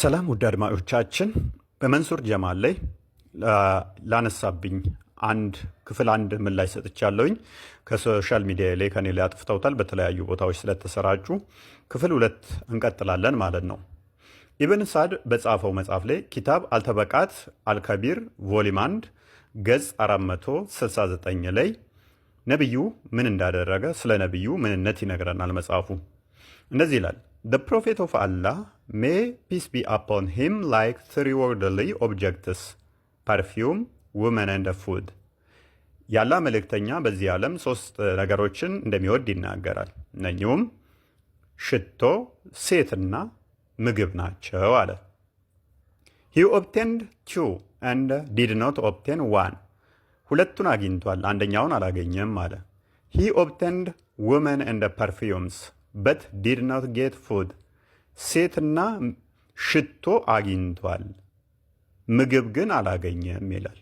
ሰላም ውድ አድማጮቻችን፣ በመንሱር ጀማል ላይ ላነሳብኝ አንድ ክፍል አንድ ምላሽ ሰጥቻለሁኝ። ከሶሻል ሚዲያ ላይ ከኔ ላይ አጥፍተውታል በተለያዩ ቦታዎች ስለተሰራጩ ክፍል ሁለት እንቀጥላለን ማለት ነው። ኢብን ሳድ በጻፈው መጽሐፍ ላይ ኪታብ አልተበቃት አልከቢር ቮሊም አንድ ገጽ 469 ላይ ነቢዩ ምን እንዳደረገ ስለ ነቢዩ ምንነት ይነግረናል መጽሐፉ እንደዚህ ይላል። The Prophet of Allah, may peace be upon him, liked three worldly objects perfume, women and food. የአላህ መልእክተኛ በዚህ ዓለም ሶስት ነገሮችን እንደሚወድ ይናገራል። እነኚሁም ሽቶ፣ ሴትና ምግብ ናቸው አለ። ሂ ኦብቴንድ ቱ አንድ ዲድ ኖት ኦብቴን ዋን። ሁለቱን አግኝቷል፣ አንደኛውን አላገኘም አለ። ሂ ኦብቴንድ ውመን እንደ ፐርፊዩምስ በት ዲድ ናት ጌት ፉድ ሴትና ሽቶ አግኝቷል፣ ምግብ ግን አላገኘም ይላል።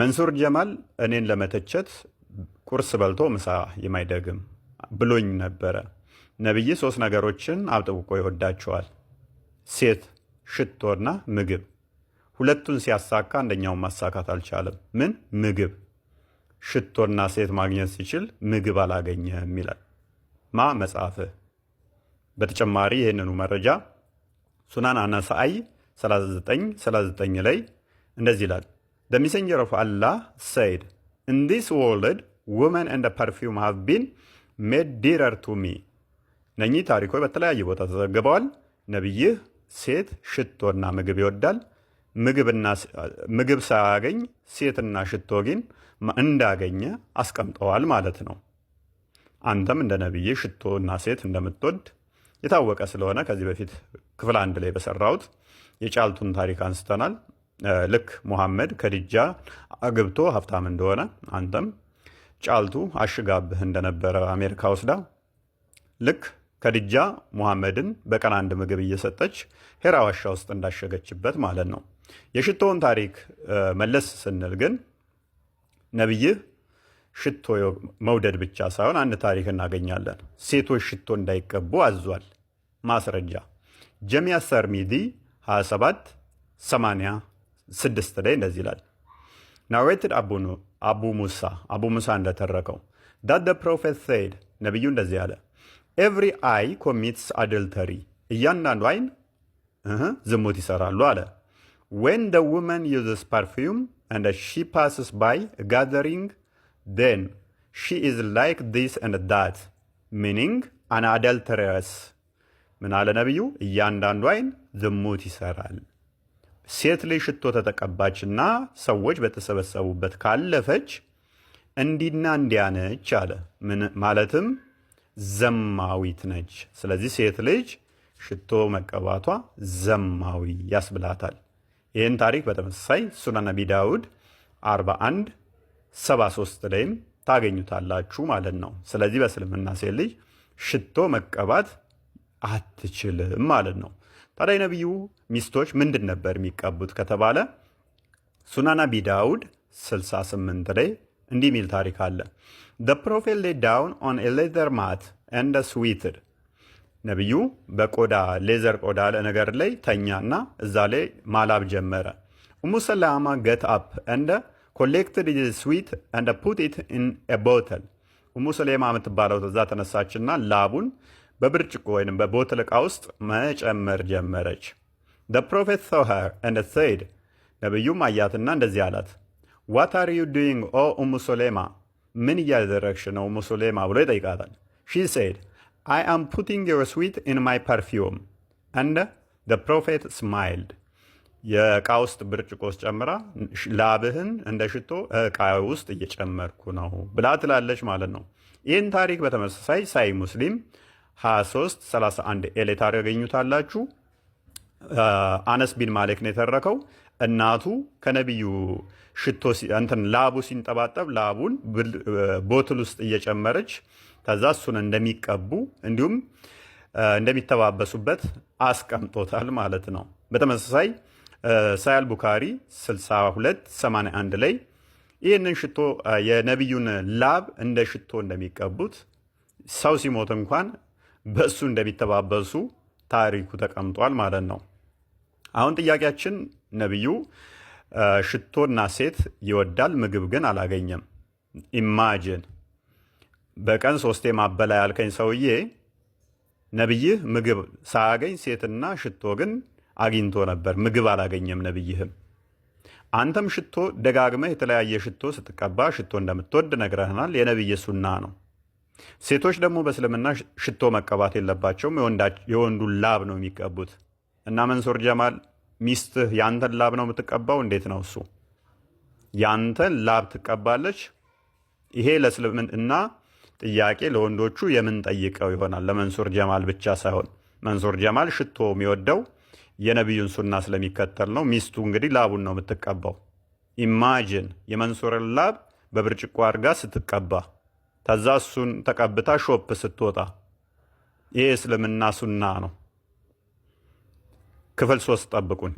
መንሱር ጀማል እኔን ለመተቸት ቁርስ በልቶ ምሳ የማይደግም ብሎኝ ነበረ። ነቢይ ሶስት ነገሮችን አጥብቆ ይወዳቸዋል፣ ሴት፣ ሽቶና ምግብ። ሁለቱን ሲያሳካ አንደኛውን ማሳካት አልቻለም። ምን ምግብ? ሽቶና ሴት ማግኘት ሲችል ምግብ አላገኘም ይላል። ማ መጽሐፍ በተጨማሪ ይህንኑ መረጃ ሱናን አነሳአይ 3939 ላይ እንደዚህ ይላል ደ ሜሴንጀር ኦፍ አላህ ሰይድ ኢን ዲስ ወርልድ ውመን እንደ ፐርፊውም ሃቭ ቢን ሜድ ዲረር ቱ ሚ። እነኚህ ታሪኮች በተለያየ ቦታ ተዘግበዋል። ነቢይህ ሴት ሽቶና ምግብ ይወዳል። ምግብ ሳያገኝ ሴትና ሽቶ ግን እንዳገኘ አስቀምጠዋል ማለት ነው። አንተም እንደ ነቢይ ሽቶ እና ሴት እንደምትወድ የታወቀ ስለሆነ ከዚህ በፊት ክፍል አንድ ላይ በሰራሁት የጫልቱን ታሪክ አንስተናል። ልክ ሙሐመድ ከድጃ አግብቶ ሀብታም እንደሆነ አንተም ጫልቱ አሽጋብህ እንደነበረ አሜሪካ ወስዳ ልክ ከድጃ ሙሐመድን በቀን አንድ ምግብ እየሰጠች ሄራ ዋሻ ውስጥ እንዳሸገችበት ማለት ነው። የሽቶውን ታሪክ መለስ ስንል ግን ነቢይህ ሽቶ መውደድ ብቻ ሳይሆን አንድ ታሪክ እናገኛለን። ሴቶች ሽቶ እንዳይቀቡ አዟል። ማስረጃ ጀሚያ ሰርሚዲ 27 86 ላይ እንደዚህ ይላል። ናሬትድ አቡ ሙሳ አቡ ሙሳ እንደተረከው ዳት ደ ፕሮፌት ሰይድ ነቢዩ እንደዚህ አለ። ኤቭሪ አይ ኮሚትስ አድልተሪ እያንዳንዱ አይን ዝሙት ይሰራሉ አለ። ዌን ደ ውመን ዩዝስ ፐርፊውም እንደ ሺ ፓስስ ባይ ጋዘሪንግ ዴን ሺ ኢዝ ላይክ ዲስ ኤንድ ዳት ሚኒንግ አንአደልትረስ ምን አለ ነቢዩ? እያንዳንዱ አይን ዝሙት ይሰራል። ሴት ልጅ ሽቶ ተጠቀባችና ሰዎች በተሰበሰቡበት ካለፈች እንዲና እንዲያነች ነች አለ። ማለትም ዘማዊት ነች። ስለዚህ ሴት ልጅ ሽቶ መቀባቷ ዘማዊ ያስብላታል። ይህን ታሪክ በተመሳሳይ ሱና ነቢ ዳውድ 41 73 ላይም ታገኙታላችሁ ማለት ነው። ስለዚህ በእስልምና ሴት ልጅ ሽቶ መቀባት አትችልም ማለት ነው። ታዲያ የነቢዩ ሚስቶች ምንድን ነበር የሚቀቡት ከተባለ ሱናን አቢ ዳውድ 68 ላይ እንዲህ የሚል ታሪክ አለ። ደ ፕሮፌት ሌ ዳውን ኦን ሌዘር ማት እንደ ስዊትድ ነቢዩ በቆዳ ሌዘር ቆዳ ነገር ላይ ተኛና እዛ ላይ ማላብ ጀመረ። ሙሰላማ ገት አፕ እንደ ኮሌክትድ ስዊት አንድ ፑት ኢት ኢን ቦተል ኡሙ ሰሌማ የምትባለው እዛ ተነሳችና ላቡን በብርጭቆ ወይም በቦትል ዕቃ ውስጥ መጨመር ጀመረች። ደ ፕሮፌት ሰው ሀር እንደ ሰይድ ነቢዩም አያትና እንደዚህ አላት፣ ዋት አር ዩ ዱይንግ ኦ ኡሙ ሱሌማ ምን እያደረግሽ ነው ኡሙ ሱሌማ ብሎ ይጠይቃታል። ሺ ሰይድ አይ አም ፑቲንግ ዮር ስዊት ኢን ማይ ፐርፊውም እንደ ደ ፕሮፌት ስማይልድ የእቃ ውስጥ ብርጭቆ ውስጥ ጨምራ ላብህን እንደ ሽቶ እቃ ውስጥ እየጨመርኩ ነው ብላ ትላለች ማለት ነው። ይህን ታሪክ በተመሳሳይ ሳይ ሙስሊም 23 31 ኤሌታር ያገኙታላችሁ። አነስ ቢን ማሌክ ነው የተረከው። እናቱ ከነቢዩ ሽቶ እንትን ላቡ ሲንጠባጠብ ላቡን ቦትል ውስጥ እየጨመረች ከዛ እሱን እንደሚቀቡ እንዲሁም እንደሚተባበሱበት አስቀምጦታል ማለት ነው። በተመሳሳይ ሳያል ቡካሪ 6281 ላይ ይህንን ሽቶ የነቢዩን ላብ እንደ ሽቶ እንደሚቀቡት ሰው ሲሞት እንኳን በእሱ እንደሚተባበሱ ታሪኩ ተቀምጧል ማለት ነው። አሁን ጥያቄያችን ነቢዩ ሽቶና ሴት ይወዳል፣ ምግብ ግን አላገኘም። ኢማጅን በቀን ሶስቴ ማበላ ያልከኝ ሰውዬ ነቢይህ ምግብ ሳያገኝ ሴትና ሽቶ ግን አግኝቶ ነበር፣ ምግብ አላገኘም። ነብይህም አንተም ሽቶ ደጋግመህ የተለያየ ሽቶ ስትቀባ ሽቶ እንደምትወድ ነግረህናል። የነብይ ሱና ነው። ሴቶች ደግሞ በእስልምና ሽቶ መቀባት የለባቸውም፣ የወንዱን ላብ ነው የሚቀቡት። እና መንሶር ጀማል ሚስትህ ያንተን ላብ ነው የምትቀባው? እንዴት ነው እሱ? ያንተን ላብ ትቀባለች። ይሄ ለእስልምና ጥያቄ ለወንዶቹ የምንጠይቀው ይሆናል፣ ለመንሶር ጀማል ብቻ ሳይሆን መንሶር ጀማል ሽቶ የሚወደው የነቢዩን ሱና ስለሚከተል ነው። ሚስቱ እንግዲህ ላቡን ነው የምትቀባው። ኢማጅን የመንሱርን ላብ በብርጭቆ አድርጋ ስትቀባ፣ ከዛ እሱን ተቀብታ ሾፕ ስትወጣ። ይህ እስልምና ሱና ነው። ክፍል ሶስት ጠብቁን።